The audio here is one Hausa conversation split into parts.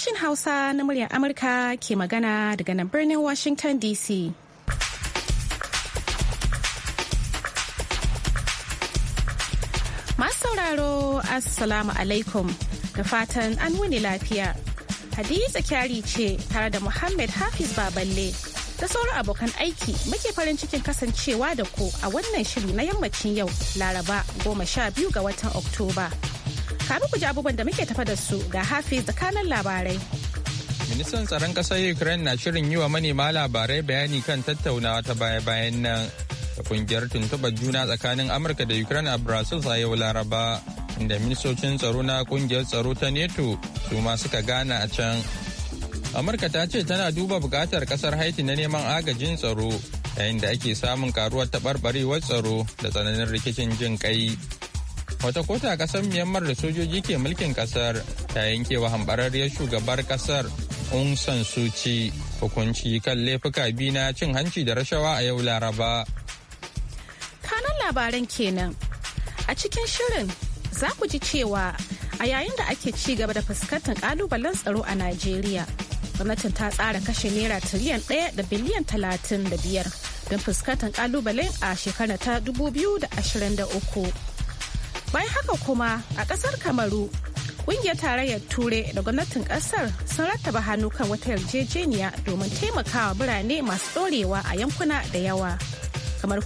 Sashen Hausa na muryar Amurka ke magana daga nan birnin Washington DC. Masu sauraro, Assalamu alaikum da fatan an wuni lafiya. Hadiza kyari ce tare da Muhammad Hafiz Baballe da sauran abokan aiki muke farin cikin kasancewa da ku a wannan shiri na yammacin yau Laraba goma sha biyu ga watan Oktoba. Kafin ku ji abubuwan da muke tafa da su ga Hafiz tsakanin labarai. Ministan tsaron ƙasar Ukraine na shirin yi wa manema labarai bayani kan tattaunawa ta baya-bayan nan da kungiyar tuntuɓar juna tsakanin Amurka da Ukraine a Brussels a yau Laraba. Inda ministocin tsaro na kungiyar tsaro ta NATO su ma suka gana a can. Amurka ta ce tana duba buƙatar ƙasar Haiti na neman agajin tsaro yayin da ake samun karuwar taɓarɓarewar tsaro da tsananin rikicin jin ƙai. wata kota a kasar myanmar da sojoji ke mulkin kasar ta yankewa hambararriyar shugabar kasar aung san kyi hukunci kan laifuka biyu na cin hanci da rashawa a yau laraba kanan labaran kenan a cikin shirin za ku ji cewa a yayin da ake ci gaba da fuskantar kalubalen tsaro a najeriya gwamnatin ta tsara kashe naira tiliyan ɗaya da biliyan talatin da biyar don fuskantar kalubale a shekarar ta 2023 bayan haka kuma a kasar kamaru kungiyar tarayyar turai da gwamnatin kasar sun rattaba hannu kan wata yarjejeniya domin taimakawa birane masu dorewa a yankuna da yawa eh, kamar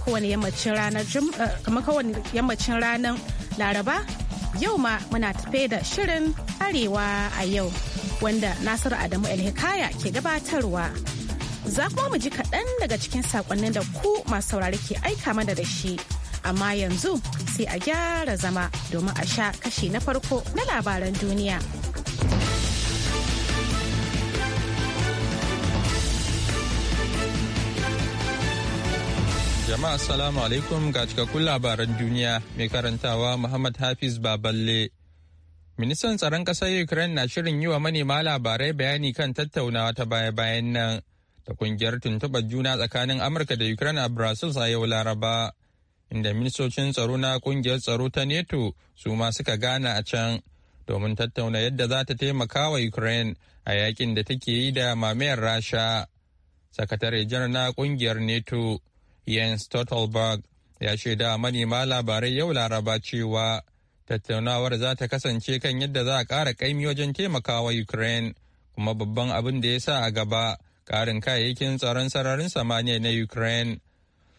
kowane yammacin ranar laraba yau ma muna tafe da shirin arewa a yau wanda nasiru adamu hikaya ke gabatarwa za kuma mu ji kaɗan daga cikin saƙonnin da ku masu saurari ke aika mana da shi amma yanzu sai a gyara zama domin a sha kashi na farko na labaran duniya. Jama'a salamu alaikum ga cikakkun labaran duniya mai karantawa Muhammad Hafiz Baballe. Ministan tsaron ƙasar Ukraine na shirin yi wa manema labarai bayani kan tattaunawa ta baya-bayan nan da kungiyar tuntuɓar juna tsakanin Amurka da Ukraine a Brussels a yau Laraba. inda ministocin tsaro na kungiyar tsaro ta neto su ma suka gana a can domin tattauna yadda za ta taimaka wa ukraine a yakin da take yi da mamayar rasha sakatare janar na kungiyar neto jens stoltenberg ya shaida manema labarai yau laraba cewa tattaunawar za ta kasance kan yadda za a ƙara kaimi wajen taimakawa ukraine kuma babban abin da ya sa a gaba karin kayayyakin tsaron sararin samaniya na ukraine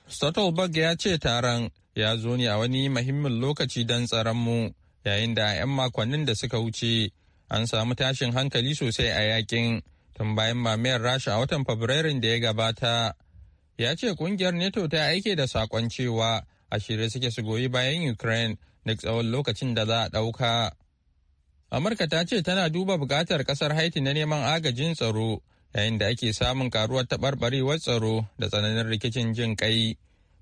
Stottlebug ya ce taron ya zo ne a wani mahimmin lokaci don tsaronmu yayin da 'yan makonnin da suka wuce an samu tashin hankali sosai a yakin tun bayan mamayar rasha a watan fabrairun da ya gabata ya ce kungiyar neto ta aike da sakon cewa a shirye suke su goyi bayan ukraine na tsawon lokacin da za a ɗauka amurka ta ce tana duba buƙatar ƙasar haiti na neman agajin tsaro yayin da ake samun karuwar taɓarɓarewar tsaro da tsananin rikicin jin kai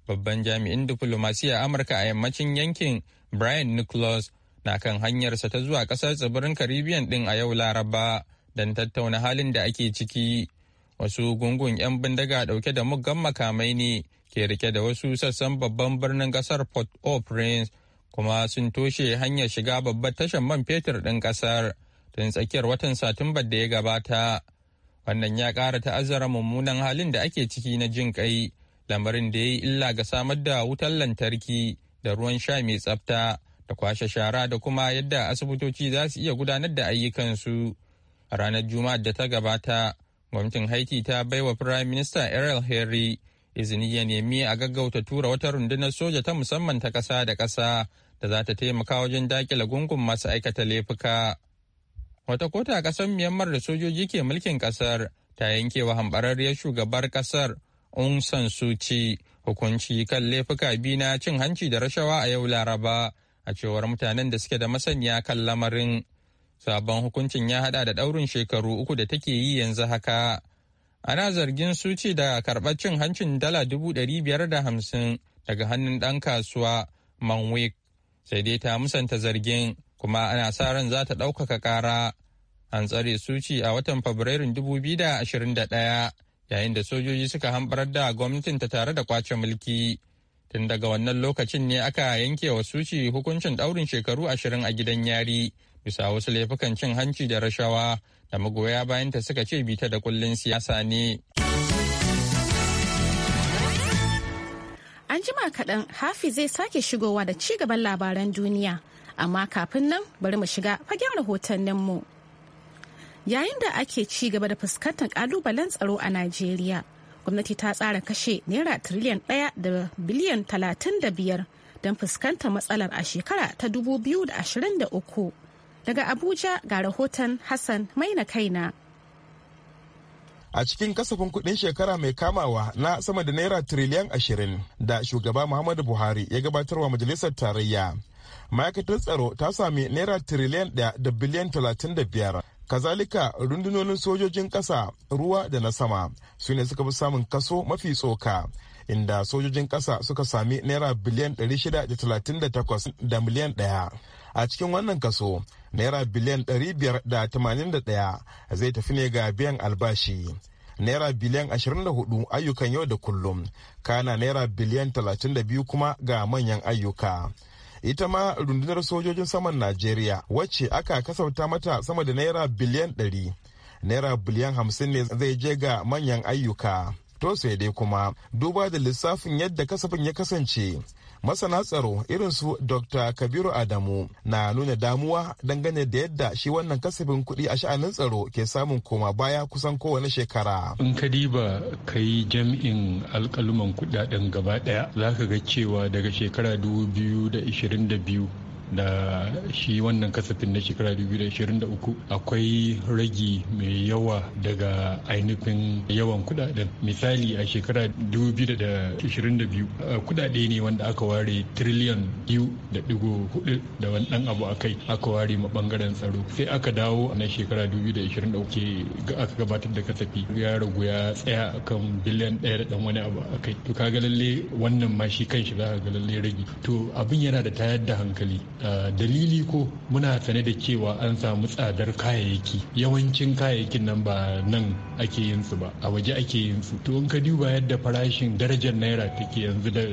babban jami'in diflomasiyya amurka a yammacin yankin brian nicholas na kan hanyarsa ta zuwa ƙasar tsibirin caribbean ɗin a yau laraba don tattauna halin da ake ciki wasu gungun 'yan bindiga ɗauke da muggan makamai ne ke rike da wasu sassan babban birnin ƙasar port au prince kuma sun toshe hanyar shiga babbar tashar man fetur ɗin ƙasar tun tsakiyar watan satumbar da ya gabata wannan ya ƙara ta'azzara mummunan halin da ake ciki na jin kai lamarin da ya yi illa ga samar da wutar lantarki da ruwan sha mai tsafta da kwashe shara da kuma yadda asibitoci za su iya gudanar da ayyukansu a ranar juma'ar da ta gabata gwamnatin haiti ta baiwa firayim minista ariel henry izini ya nemi a gaggauta tura wata rundunar soja ta musamman ta ƙasa da ƙasa da za ta taimaka wajen dakile gungun masu aikata laifuka wata kota a ƙasar Myanmar da sojoji ke mulkin ƙasar ta yankewa hambararriyar shugabar ƙasar Aung San Suu Kyi hukunci kan laifuka biyu na cin hanci da rashawa a yau Laraba a cewar mutanen da suke da masaniya kan lamarin. Sabon hukuncin ya hada da ɗaurin shekaru uku da take yi yanzu haka. Ana zargin Suci da karɓar cin hancin dala dubu ɗari biyar da hamsin daga hannun ɗan kasuwa Manwik sai dai ta musanta zargin kuma ana sa ran za ta ɗaukaka ƙara. An tsare Suci a watan Fabrairun 2021 yayin da sojoji suka hambarar da gwamnatin ta tare da kwace mulki. Tun daga wannan lokacin ne aka yanke wa Suci hukuncin ɗaurin shekaru ashirin a gidan yari bisa wasu laifukan cin hanci da rashawa da magoya bayanta suka ce bita da kullun siyasa ne. An jima kaɗan Hafi zai sake shigowa da ci gaban labaran duniya. amma kafin nan bari mu shiga fagen rahotanninmu. Yayin da ake ci gaba da fuskantar kalubalen tsaro a Najeriya, gwamnati ta tsara kashe naira tiriliyan ɗaya da biliyan talatin da biyar don fuskantar matsalar a shekara ta dubu biyu da da uku. Daga Abuja ga rahoton Hassan na Kaina. a cikin kasafin kuɗin shekara mai kamawa na sama da naira tiriliyan ashirin da shugaba muhammadu buhari ya gabatarwa majalisar tarayya ma'aikatar tsaro ta sami naira tiriliyan ɗaya da biliyan talatin da biyar kazalika rundunonin sojojin ƙasa ruwa da na sama su ne suka fi samun kaso mafi tsoka inda sojojin ƙasa suka sami naira biliyan shida da talatin da da takwas miliyan ɗaya a cikin wannan kaso naira biliyan biyar da da tamanin daya zai tafi ne ga biyan albashi naira biliyan ashirin da hudu ayyukan yau da kullum kana naira biliyan talatin da biyu kuma ga manyan ayyuka ita ma rundunar sojojin saman najeriya wacce aka kasauta mata sama da naira biliyan ɗari naira biliyan hamsin ne zai je ga manyan ayyuka to sai dai kuma duba da lissafin yadda kasafin ya kasance masana tsaro irin su dr kabiru adamu na nuna damuwa dangane da yadda shi wannan kasafin kuɗi a sha'anin tsaro ke samun koma baya kusan kowane shekara in ka diba yi jam'in alkaluman kudaden gaba daya za ka ga cewa daga shekara 2022 da shi wannan kasafin na shekara 2023 akwai ragi mai yawa daga ainihin yawan kudaden misali a shekara 2022 uh, kudade ne wanda aka ware triliyan biyu da digo hudu da wani dan abu a kai aka ware ma bangaren tsaro sai aka dawo na shekara 2023 ke aka gabatar da kasafi ya ragu ya tsaya kan biliyan daya da dan wani abu a kai to kaga lalle wannan ma shi kanshi za ka ga lalle ragi to abin yana da tayar da hankali Eh, dalili ko muna sane da cewa an samu tsadar kayayyaki yawancin kayayyakin nan ba nan ake yin su ba a waje ake yin su to in ka duba yadda farashin darajar naira take yanzu da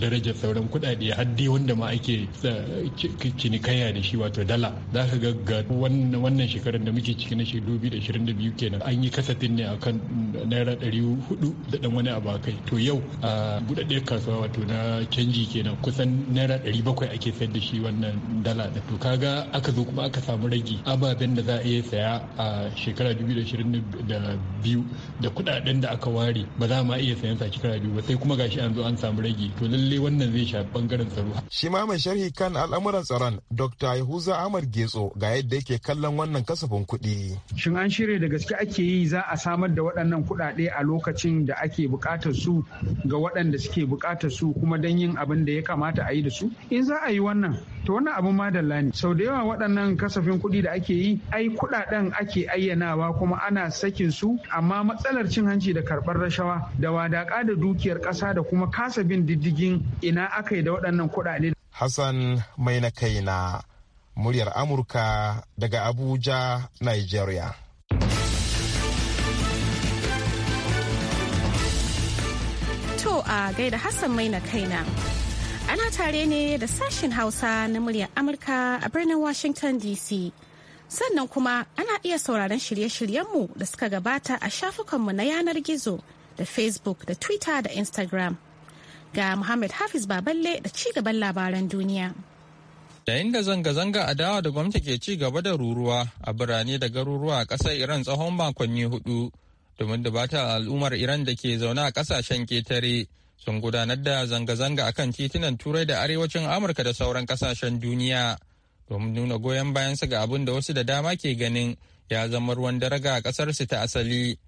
darajar sauran kudade. har dai wanda ma ake eh, cinikayya da shi wato dala za ka ga wannan shekarar da muke ciki na shi 2022 kenan an yi kasafin ne akan naira 400 da dan wani abu kai to yau a buɗaɗɗiyar kasuwa wato na canji kenan kusan naira 700 ake sayar da shi wannan wannan dala da to kaga aka zo kuma aka samu rage ababen da za a iya saya a shekara 2022 da kudaden da aka ware ba za ma iya sayan sa shekara biyu ba sai kuma gashi an zo an samu rage to lalle wannan zai shafi bangaren tsaro shi ma mai sharhi kan al'amuran tsaron dr yahuza ahmad getso ga yadda yake kallon wannan kasafin kuɗi shin an shirya da gaske ake yi za a samar da waɗannan kuɗaɗe a lokacin da ake buƙatar su ga waɗanda suke buƙatar su kuma don yin abin da ya kamata a yi da su in za a yi wannan to wannan ma madalla ne sau da yawa waɗannan kasafin kuɗi da ake yi ai kuɗaɗen ake ayyanawa kuma ana sakin su amma matsalar cin hanci da karɓar rashawa da wadaƙa da dukiyar ƙasa da kuma kasa bin diddigin ina aka yi da waɗannan kuɗaɗe. Hassan mai na kaina muryar Amurka daga Abuja, Nigeria. To a gaida Hassan mai na kaina. Ana tare ne da sashen Hausa na muryar Amurka a birnin Washington DC. Sannan kuma ana iya sauraron shirye-shiryenmu da suka gabata a shafukanmu na yanar gizo da Facebook da Twitter da Instagram. Ga Muhammad Hafiz Baballe da ci gaban labaran duniya. Yayin da zanga-zanga dawa da gwamnati ke ci gaba da ruruwa a birane da garuruwa a ƙasar Iran tsawon makonni hudu, domin da ba ta al'ummar Iran da ke zaune a ƙasashen ketare sun gudanar da zanga-zanga a kan titunan turai da arewacin amurka da sauran kasashen duniya domin nuna goyon bayan su ga abin da wasu da dama ke ganin ya zama ruwan daraga a ƙasarsu ta asali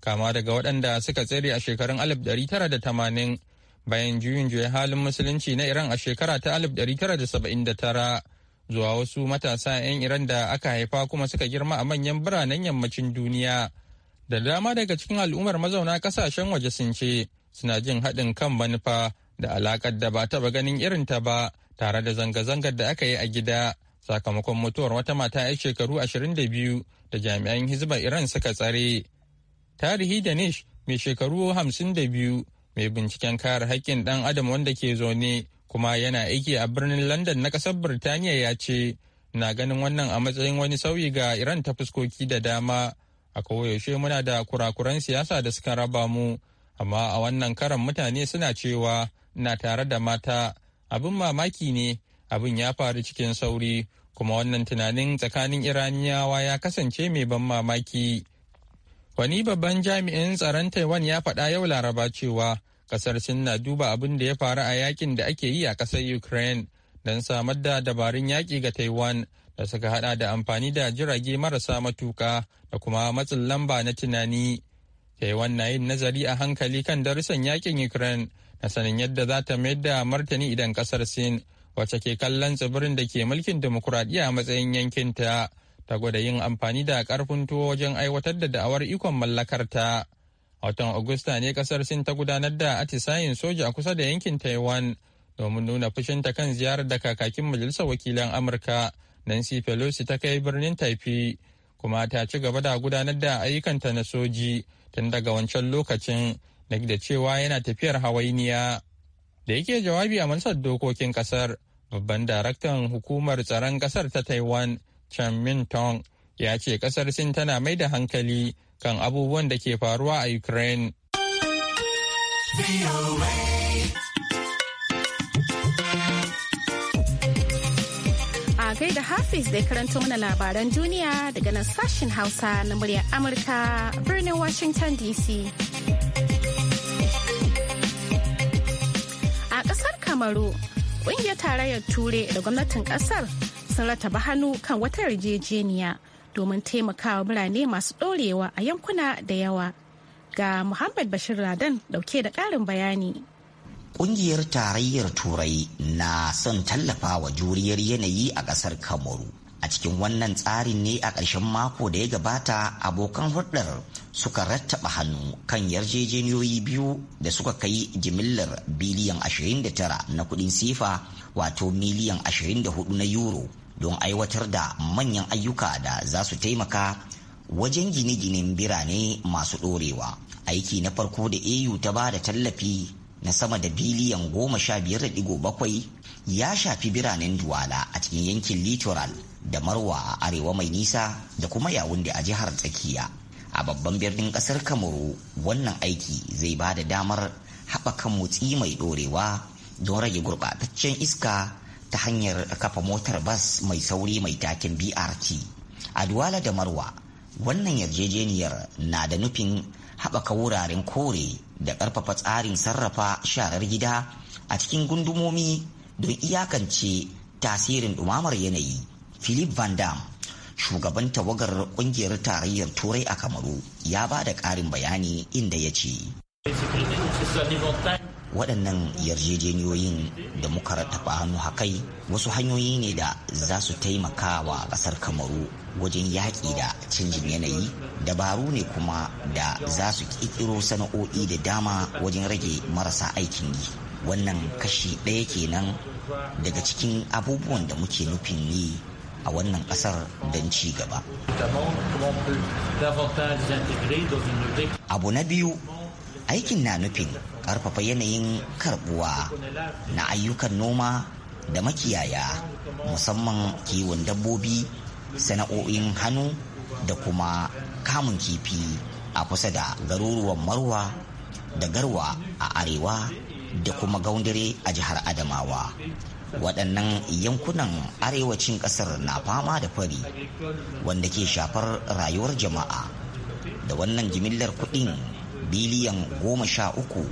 kama daga waɗanda suka tsere a shekarun 1980 bayan juyin juya halin musulunci na iran a shekara ta 1979 zuwa wasu matasa 'yan iran da aka haifa kuma suka girma a manyan biranen yammacin duniya da dama daga cikin al'ummar mazauna ƙasashen waje sun ce suna jin haɗin kan manufa da alaƙar da ba taɓa ganin irinta ba tare da zanga-zangar da aka yi a gida sakamakon mutuwar wata mata 'yar shekaru 22 da jami'an hisba iran suka tsare tarihi danish mai shekaru 52 mai binciken kare haƙƙin ɗan adam wanda ke zaune kuma yana aiki a birnin london na ƙasar birtaniya ya ce na ganin wannan a matsayin wani sauyi ga iran ta fuskoki da dama a yaushe muna da kurakuran siyasa da suka raba mu amma a wannan karan mutane suna cewa na tare da mata abin mamaki ne abin ya faru cikin sauri kuma wannan tunanin tsakanin iraniyawa ya kasance mai ban mamaki wani babban jami'in tsaron taiwan ya faɗa yau laraba cewa kasar sin na duba abin da ya faru a yakin da ake yi a ƙasar ukraine don samar da dabarun yaƙi ga taiwan da suka hada da amfani da jirage marasa matuka da kuma matsin lamba na tunani ta yi wannan yin nazari a hankali kan darussan yakin ukraine na sanin yadda za ta mayar da martani idan kasar sin wacce ke kallon tsibirin da ke mulkin demokuraɗiyya a matsayin yankinta ta gwada yin amfani da karfin tuwo wajen aiwatar da da'awar ikon mallakarta a watan agusta ne kasar sin ta gudanar da atisayin soja a kusa da yankin taiwan domin nuna fushinta kan ziyarar da kakakin majalisar wakilan amurka nancy pelosi ta kai birnin taifi kuma ta ci gaba da gudanar da ayyukanta na soji tun daga wancan lokacin duk da cewa yana tafiyar hawainiya da yake jawabi a mansar dokokin kasar babban daraktan hukumar tsaron kasar ta taiwan Chen min tong ya ce kasar sin tana mai da hankali kan abubuwan da ke faruwa a ukraine da Hafiz da karanto mana labaran duniya daga nan sashen Hausa na muryar Amurka birnin Washington DC. A ƙasar Kamaru, ƙungiyar tarayyar Ture da gwamnatin ƙasar sun rataba hannu kan wata yarjejeniya domin taimakawa birane masu ɗorewa a yankuna da yawa. Ga Muhammad Bashir Radan dauke da ƙarin bayani. kungiyar tarayyar turai na son tallafa wa juriyar yanayi a kasar kamaru a cikin wannan tsarin ne a ƙarshen mako da ya gabata abokan hulɗar suka rattaba hannu kan yarjejeniyoyi biyu da suka kai jimillar biliyan 29 na kuɗin sifa wato miliyan 24 na euro don aiwatar da manyan ayyuka da za su taimaka wajen gine-ginen birane masu ɗorewa aiki na farko da au ta ba da tallafi na sama da biliyan goma sha biyar da digo bakwai ya shafi biranen Duwala a cikin yankin Littoral da Marwa a arewa mai nisa da kuma Yawunde a jihar tsakiya. A babban birnin kasar Kamaru wannan aiki zai ba da damar haɓaka motsi mai ɗorewa don rage gurɓataccen iska ta hanyar kafa motar bas mai sauri mai takin BRT. A Duwala da Marwa wannan yarjejeniyar na da nufin haɓaka wuraren kore da ƙarfafa tsarin sarrafa sharar gida a cikin gundumomi don iyakance tasirin ɗumamar yanayi philip van dam shugaban tawagar ƙungiyar tarayyar turai a kamaru ya ba da ƙarin bayani inda ya ce waɗannan yarjejeniyoyin da muka rattafa hannu hakai wasu hanyoyi ne da za su taimaka wa ƙasar kamaru wajen yaƙi da canjin yanayi dabaru ne kuma da za su ƙirƙiro sana'o'i da dama wajen rage marasa aikin yi wannan kashi ɗaya kenan daga cikin abubuwan da muke nufin ne a wannan ƙasar don ci gaba. Abu na biyu aikin na nufin karfafa yanayin karbuwa na ayyukan noma da makiyaya musamman kiwon dabbobi sana'o'in hannu da kuma kamun kifi a kusa da garuruwan marwa da garwa a arewa da kuma gaundare a jihar adamawa waɗannan yankunan arewacin ƙasar na fama da fari wanda ke shafar rayuwar jama'a da wannan jimillar kuɗin biliyan goma sha uku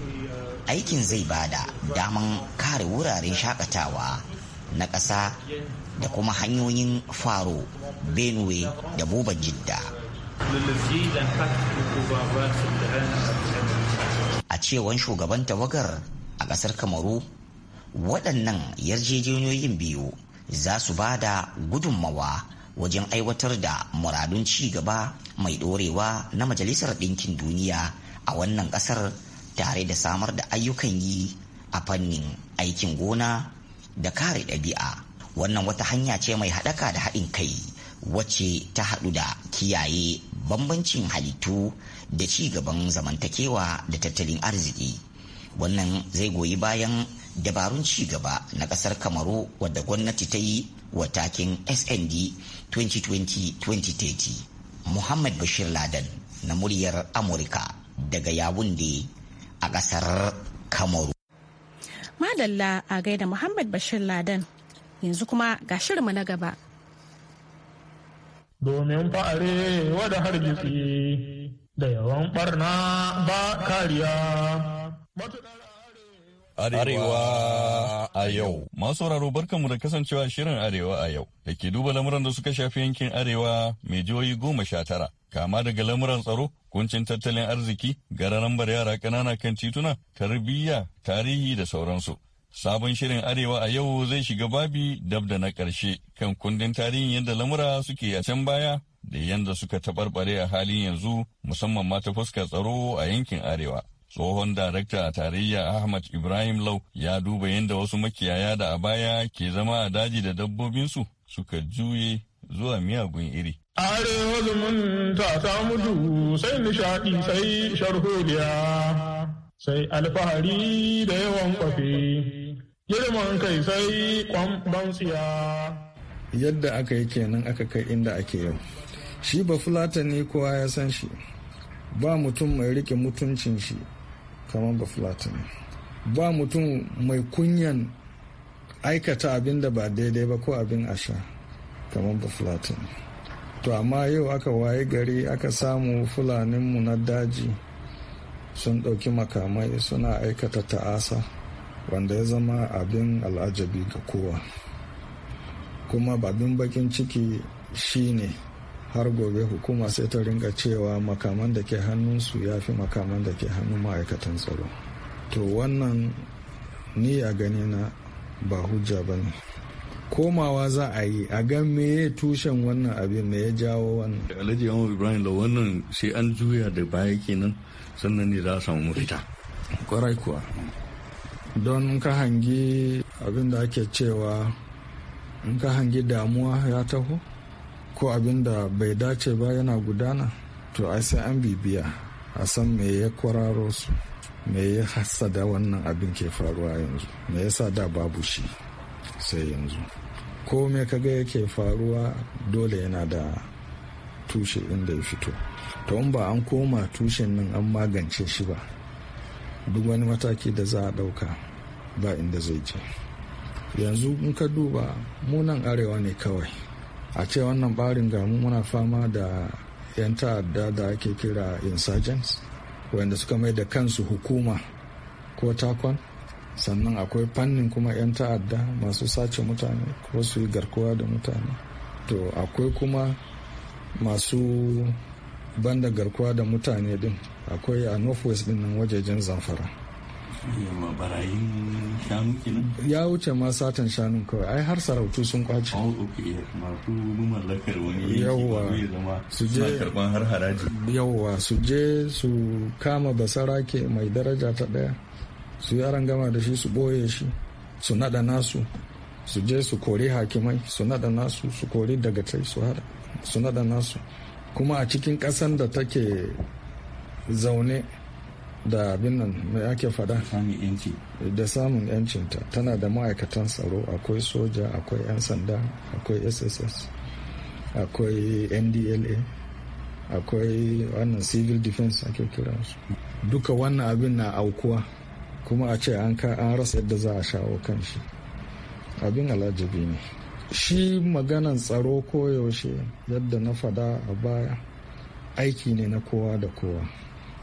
aikin zai bada daman kare wuraren shakatawa na ƙasa da kuma hanyoyin faro benue da buban jidda a cewan shugaban tawagar a ƙasar kamaru waɗannan yarjejeniyoyin biyu za su ba da gudunmawa wajen aiwatar da muradun ci gaba mai ɗorewa na majalisar ɗinkin duniya a wannan ƙasar tare da samar da ayyukan yi a fannin aikin gona da kare ɗabi'a wannan wata hanya ce mai haɗaka da haɗin kai wacce ta haɗu da kiyaye bambancin halittu da ci gaban zamantakewa da tattalin arziki wannan zai goyi bayan dabarun ci gaba na ƙasar kamaru wadda gwamnati ta yi wa takin snd 2020-2030 muhammad bashir laden na muryar amurka daga yawun a ƙasar kamaru madalla a gaida muhammad bashir ladan yanzu kuma ga shirinmu na gaba domin fa'are wada hargitsi da yawan barna ba kariya Arewa a yau. Masu sauraro barkanmu da kasancewa shirin Arewa a yau da ke duba lamuran da suka shafi yankin Arewa mai jihohi goma sha tara kama daga lamuran tsaro kuncin tattalin arziki lambar yara ƙanana kan tituna tarbiyya tarihi da sauransu sabon shirin arewa a yau zai shiga babi dab da na ƙarshe kan kundin tarihin yadda lamura suke a can baya da yadda suka taɓarɓare a halin yanzu musamman ma ta fuskar tsaro a yankin arewa tsohon darakta a tarayya ahmad ibrahim lau ya duba yadda wasu makiyaya da a baya ke zama a daji da dabbobinsu suka juye zuwa miyagun iri Arewa zumunta ta mutu sai nishadi sai sharholiya sai alfahari da yawan kwafi girman kai sai kwamban Yadda aka yi kenan aka kai inda ake yau. Shi ba fulata ne kowa ya san shi, ba mutum mai rike mutuncin shi kamar ba fulata ne Ba mutum mai kunyan aikata abin da ba daidai ba ko abin asha kamar ba fulata ne. to amma yau aka waye gari aka samu fulaninmu na daji sun ɗauki makamai suna aikata ta'asa wanda ya zama abin al'ajabi ga kowa kuma babin bakin ciki shine har gobe hukuma sai ta ringa cewa makaman da ke hannunsu ya fi makaman da ke hannun ma'aikatan tsaro to wannan ni a na ba hujja ba ne komawa za a yi a gan me ya tushen wannan abin me ya jawo wannan alhaji yawon ibrahim da wannan sai an juya da baya kenan sannan ne za a samu mafita kwarai kuwa don ka hangi abin da ake cewa in ka hangi damuwa ya taho ko abin da bai dace ba yana gudana to ai sai an bibiya a san me ya kwararo su me ya hassada wannan abin ke faruwa yanzu me ya sa da babu shi sai yanzu kome kaga yake faruwa dole yana da tushe inda ya fito to ba an koma tushen nan an magance shi ba duk wani mataki da za a ɗauka ba inda zai je yanzu in ka duba munan arewa ne kawai a ce wannan barin gamu muna fama da 'yan ta'adda da ake kira insurgents wanda suka mai da kansu hukuma ko takon sannan akwai fannin kuma 'yan ta'adda masu sace mutane ko su yi garkuwa da mutane to akwai kuma masu banda garkuwa da mutane din akwai a northwest din nan wajejen zamfara ya wuce ma satan shanun kawai ai har sarautu sun kwace oh, yawwa su je su je su kama basarake mai daraja ta daya su yaran gama da shi su boye shi su nada nasu su je su kori hakimai su nada nasu su kori daga tai su hada su nada nasu kuma a cikin kasan da take zaune da abin nan mai ake fada da samun yancinta tana da ma'aikatan tsaro akwai soja akwai 'yan sanda akwai sss akwai ndla akwai wannan civil defense ake kira su duka wannan abin na aukuwa kuma a ce an rasa yadda za a shawo kan shi abin alajabi ne shi maganan tsaro koyaushe yadda na fada a baya aiki ne na kowa da kowa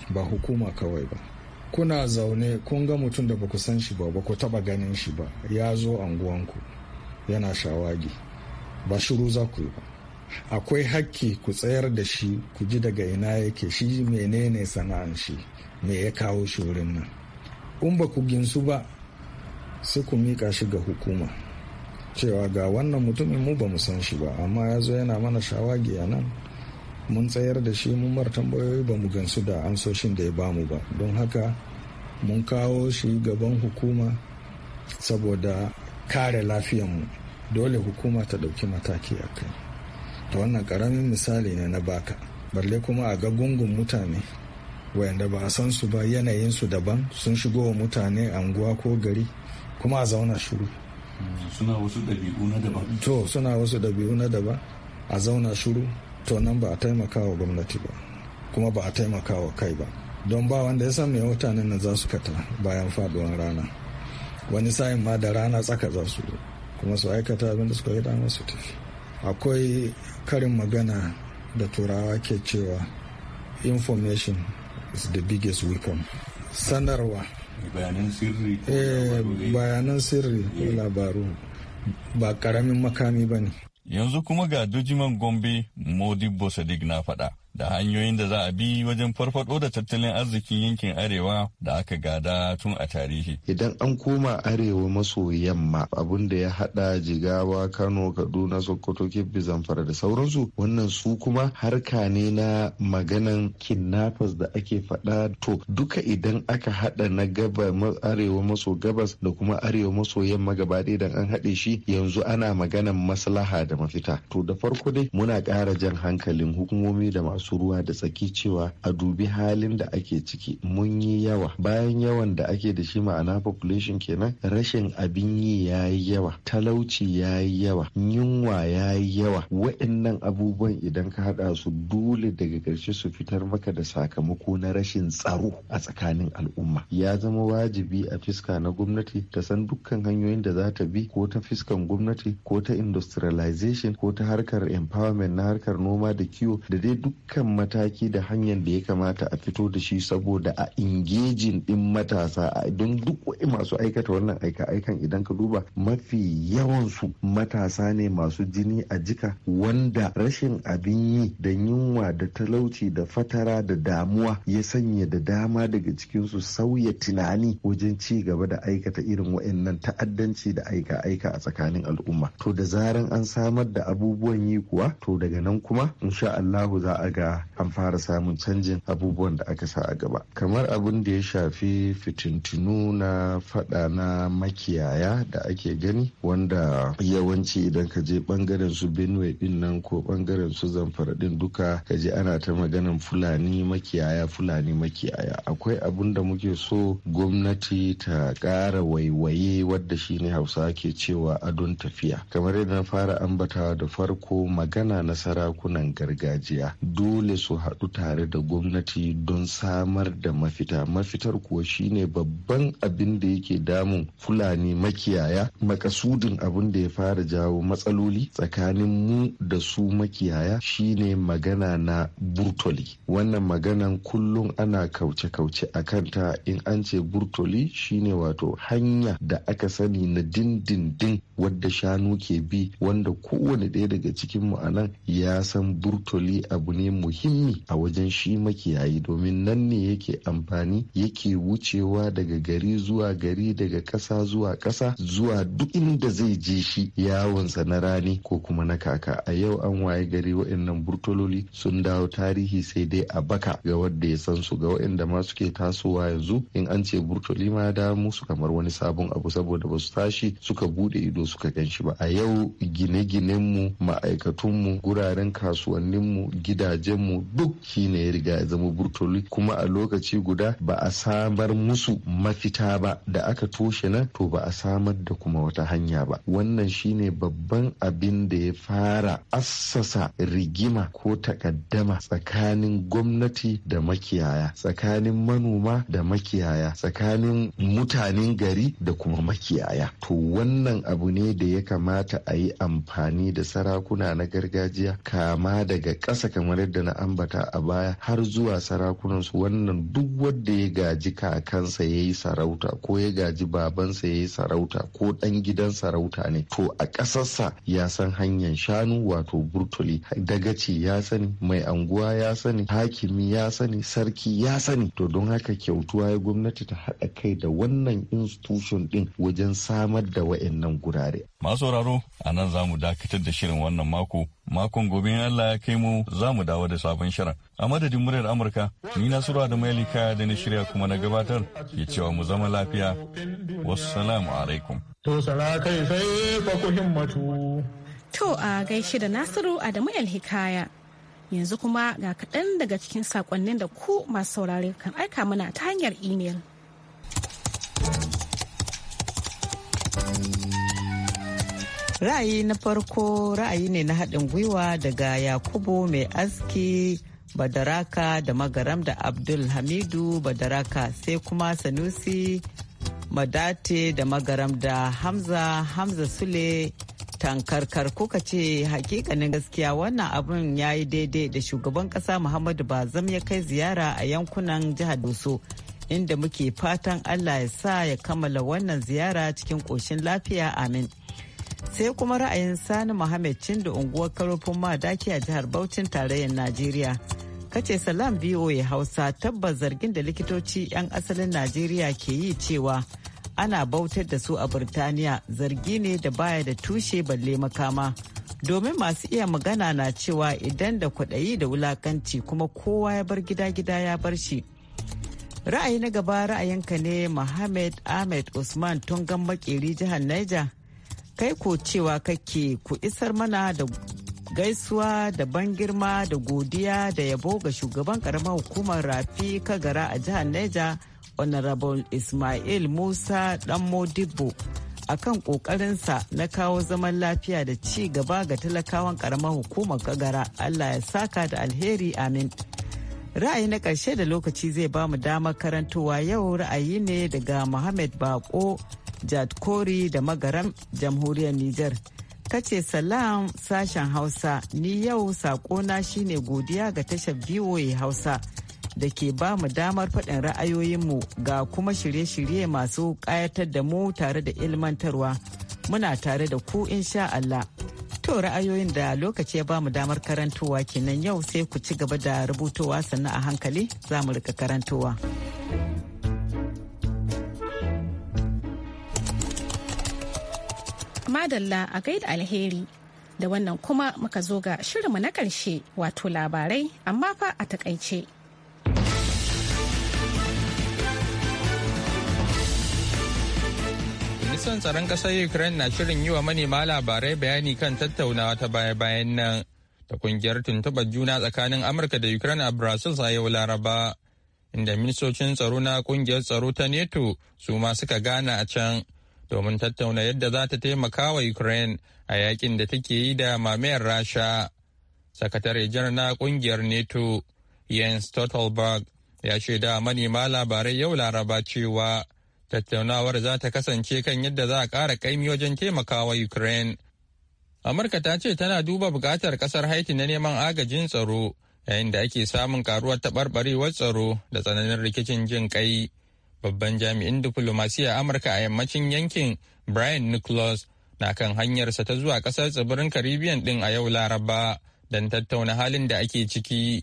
ba hukuma kawai ba kuna zaune kun ga mutum da baku san shi ba ba ku taba ganin shi ba ya zo anguwanku yana shawagi ba shiru za ku yi ba akwai hakki ku tsayar da shi ku ji daga ina yake shi menene sana'an shi me ya kawo shi wurin nan in ba ku ginsu ba sai ku mika shi ga hukuma cewa ga wannan mutumin mu ba mu san shi ba amma ya zo yana mana shawagi a nan mun tsayar da shi mun mar tambayoyi ba mu gansu da ansoshin da ya bamu ba don haka mun kawo shi gaban hukuma saboda kare lafiyanmu dole hukuma ta ɗauki mataki a kai ta wannan karamin misali ne na baka balle kuma a ga gungun mutane wayanda ba a san su ba yanayin su daban sun shigo wa mutane anguwa ko gari kuma a zauna shuru suna wasu dabi'u na daban to suna wasu ɗabi'u na daban a zauna shuru to nan ba a taimaka wa gwamnati ba kuma ba a taimaka wa kai ba don ba wanda ya san me mutanen na za su kata bayan faduwan rana wani sa'in ma da rana tsaka za su kuma su aikata abin da suka yi dama su tafi akwai karin magana da turawa ke cewa information is the biggest weapon sanarwa bayanan sirri eh bayanan sirri ko eh. labaru ba karamin makami ba ne yanzu kuma ga dujiman gombe modibo sadiq na faɗa da hanyoyin da za a bi wajen farfado da tattalin arzikin yankin arewa da aka gada tun a tarihi. Idan an koma arewa maso yamma abun da ya hada jigawa Kano Kaduna Sokoto Kebbi Zamfara da sauransu wannan su kuma harka ne na maganan kidnappers da ake fada to duka idan aka hada na gaba arewa maso gabas da kuma arewa maso yamma gaba idan an haɗe shi yanzu ana maganan maslaha da mafita to da farko dai muna kara jan hankalin hukumomi da masu masu ruwa da tsaki cewa a dubi halin da ake ciki mun yi yawa bayan yawan da ake da shi ma'ana population kenan rashin abin yi ya yi yawa talauci ya yi yawa yunwa ya yi yawa wa'annan abubuwan idan ka hada su dole daga ƙarshe su fitar maka da sakamako na rashin tsaro a tsakanin al'umma ya zama wajibi a fiska na gwamnati ta san dukkan hanyoyin da za ta bi ko ta fiskan gwamnati ko ta industrialization ko ta harkar empowerment na harkar noma da kiwo da dai duk dukkan mataki da hanyar da ya kamata a fito da shi saboda a ingejin din matasa don duk masu aikata wannan aika aikan idan ka duba mafi yawansu matasa ne masu jini a jika wanda rashin abin yi da yunwa da talauci da fatara da damuwa ya sanya da dama daga cikinsu sauya tunani wajen ci gaba da aikata irin wa'annan ta'addanci da aika aika a tsakanin al'umma to da zaran an samar da abubuwan yi kuwa to daga nan kuma insha Allahu za a ga ga an fara samun canjin abubuwan da aka sa a gaba kamar abin da ya shafi fitintunu na fada na makiyaya da ake gani wanda yawanci idan ka je bangaren su benue din nan ko bangaren su zamfara din duka ka je ana ta maganan fulani makiyaya fulani makiyaya akwai abin da muke so gwamnati ta ƙara waiwaye wadda shine hausa ke cewa adon tafiya kamar yadda na fara ambatawa da farko magana na sarakunan gargajiya duk dole su haɗu tare da gwamnati don samar da mafita mafitar kuwa shine babban abin da yake damun fulani makiyaya makasudin abin da ya fara jawo matsaloli tsakanin mu da su makiyaya shine magana na burtoli wannan maganan kullum ana kauce-kauce a kanta in an ce burtoli shine wato hanya da aka sani na dindindin wadda shanu ke bi wanda kowane ɗaya daga cikin mu anan ya san burtoli abu ne muhimmi a wajen shi makiyayi domin nan ne yake amfani yake wucewa daga gari zuwa gari daga ƙasa zuwa ƙasa zuwa duk inda zai je shi yawonsa na rani ko kuma na kaka a yau an waye gari waɗannan burtololi sun dawo tarihi sai dai a baka ga wadda ya san su ga waɗanda ma suke tasowa yanzu in an ce burtoli ma ya damu, musu kamar wani sabon abu saboda basu su tashi suka bude ido suka gan shi ba a yau gine-ginenmu ma'aikatunmu guraren kasuwanninmu gidaje mu duk shine ya riga ya zama burtoli kuma a lokaci guda ba a samar musu mafita ba da aka toshe nan to ba a samar da kuma wata hanya ba wannan shine babban abin da ya fara assasa rigima ko takaddama tsakanin gwamnati da makiyaya tsakanin manoma da makiyaya tsakanin mutanen gari da kuma makiyaya to wannan abu ne da ya kamata a yi amfani da sarakuna na gargajiya kama daga ƙasa kamar yadda da na ambata a baya har zuwa sarakunansu wannan duk wanda ya gaji kakansa ya yi sarauta ko ya gaji babansa ya yi sarauta ko dan gidan sarauta ne to a ƙasarsa ya san hanyar shanu wato burtuli dagaci ya sani mai anguwa ya sani hakimi ya sani sarki ya sani to don haka kyautuwa ya gwamnati ta haɗa kai da wannan institution ɗin wajen samar da wa'annan gurare. Masu sauraro a nan za mu dakatar da shirin wannan mako Makon gobe in Allah ya kai mu za mu dawo da sabon shirin. A madadin muryar Amurka, ni Nasiru da Malika da na shirya kuma na gabatar ya cewa mu zama lafiya. Wassalamu alaikum. To kai sai fa ku himmatu. To a gaishe da Nasiru Adamu El Hikaya. Yanzu kuma ga kaɗan daga cikin saƙonnin da ku masu saurare kan aika mana ta hanyar imel. Ra'ayi na farko ra'ayi ne na haɗin gwiwa daga Yakubu mai aski Badaraka da Magaram da Abdul Hamidu Badaraka sai kuma Sanusi Madate da Magaram da Hamza Hamza Sule tankarkar kuka ce hakikanin gaskiya wannan abun ya yi daidai da shugaban kasa Muhammadu Bazam ya kai ziyara a yankunan jihar Doso inda muke fatan Allah ya sa ya kammala wannan ziyara cikin ƙoshin lafiya amin. sai kuma ra'ayin sani muhammad da unguwar karofin madaki a jihar Bauchin tarayyar najeriya kace salam ya hausa tabbas zargin da likitoci 'yan asalin najeriya ke yi cewa ana bautar da su a birtaniya zargi ne da baya da tushe balle makama domin masu iya magana na cewa idan da kwaɗayi da wulakanci kuma kowa ya bar gida gida ya bar shi ra'ayi na gaba ra'ayinka ne Mohammed Ahmed Usman tun gan Makeri jihar Niger kai ko cewa kake ku isar mana da gaisuwa da ban girma da godiya da yabo ga shugaban karamar hukumar rafi kagara a jihar neja honorable ismail musa dan modibo kan kokarinsa na kawo zaman lafiya da ci gaba ga talakawan karamar hukumar kagara allah ya saka da alheri amin ra'ayi na ƙarshe da lokaci zai ba mu damar karantowa yau ra'ayi ne daga muhammad bako jadkori da magaram jamhuriyar niger kace ce salam sashen hausa ni yau sakona shine godiya ga tashar voa hausa da ke ba mu damar faɗin ra'ayoyinmu ga kuma shirye-shirye masu ƙayatar da mu tare da ilmantarwa muna tare da ku insha Allah. To ra'ayoyin da lokaci ya ba mu damar karantowa kenan yau sai ku ci gaba da rubutowa sannan a hankali za mu rika karantowa. madalla a gaida alheri da wannan kuma muka zo ga shirinmu na karshe wato labarai amma fa a takaice. ministan tsaron ƙasar ukraine na shirin yi wa manema labarai bayani kan tattaunawa ta baya-bayan nan ta kungiyar tuntuɓar juna tsakanin amurka da ukraine a brazil a yau laraba inda ministocin tsaro na kungiyar tsaro ta neto su ma suka gana a can domin tattauna yadda za ta taimaka wa Ukraine a yakin da take yi da mamayar Rasha. Sakatare janar na kungiyar NATO Jens Stoltenberg ya shaida manema labarai yau Laraba cewa tattaunawar za ta kasance kan yadda za a ƙara ƙaimi wajen taimakawa Ukraine. Amurka ta ce tana duba buƙatar ƙasar Haiti na neman agajin tsaro yayin da ake samun karuwar taɓarɓarewar tsaro da tsananin rikicin jin ƙai. babban jami'in diflomasiya amurka a yammacin yankin brian nicholas na kan hanyarsa ta zuwa kasar tsibirin caribbean din a yau laraba don tattauna halin da ake ciki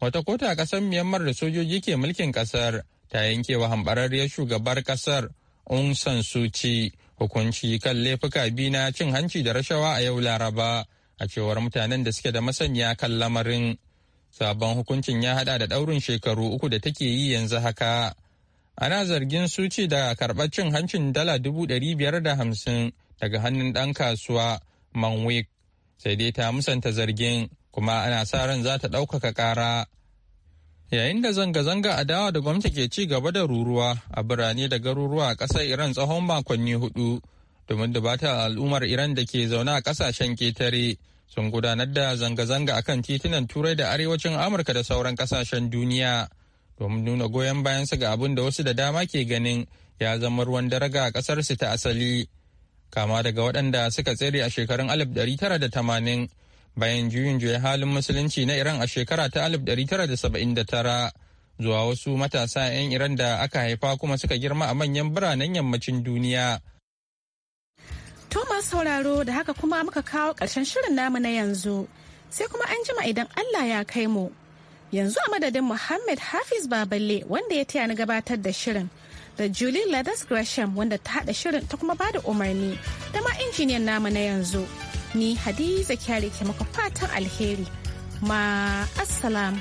wata kota a kasar myanmar da sojoji ke mulkin kasar ta yanke wa hambararriyar shugabar kasar un san suci hukunci kan laifuka biyu na cin hanci da rashawa a yau laraba a cewar mutanen da suke da masaniya kan lamarin sabon hukuncin ya hada da daurin shekaru uku da take yi yanzu haka ana zargin suci da karɓar cin hancin dala dubu ɗari biyar da hamsin daga hannun ɗan kasuwa manwik sai dai ta musanta zargin kuma ana sa ran za ta ɗaukaka ƙara yayin da zanga-zanga adawa da gwamnati ke ci gaba da ruruwa a birane da garuruwa a ƙasar iran tsawon makonni hudu domin dubata al'ummar iran da ke zaune a ƙasashen ketare sun gudanar da zanga-zanga akan titunan turai da arewacin amurka da sauran ƙasashen duniya domin nuna goyon bayansu ga abin da wasu da dama ke ganin ya zama ruwan daraga a kasar su ta asali kama daga waɗanda suka tsere a shekarun 1980 bayan juyin juya halin musulunci na iran a shekara ta 1979 zuwa wasu matasa 'yan iran da aka haifa kuma suka girma a manyan biranen yammacin duniya thomas sauraro da haka kuma muka kawo ƙarshen shirin namu na yanzu sai kuma an jima idan allah ya kai mu yanzu a madadin Muhammad Hafiz Baballe wanda ya taya ni gabatar da shirin da Julie Leathers Gresham wanda ta haɗa shirin ta kuma bada umarni da ma injiniyan namu na yanzu. Ni Hadiza Kyari ke maka fatan alheri. Ma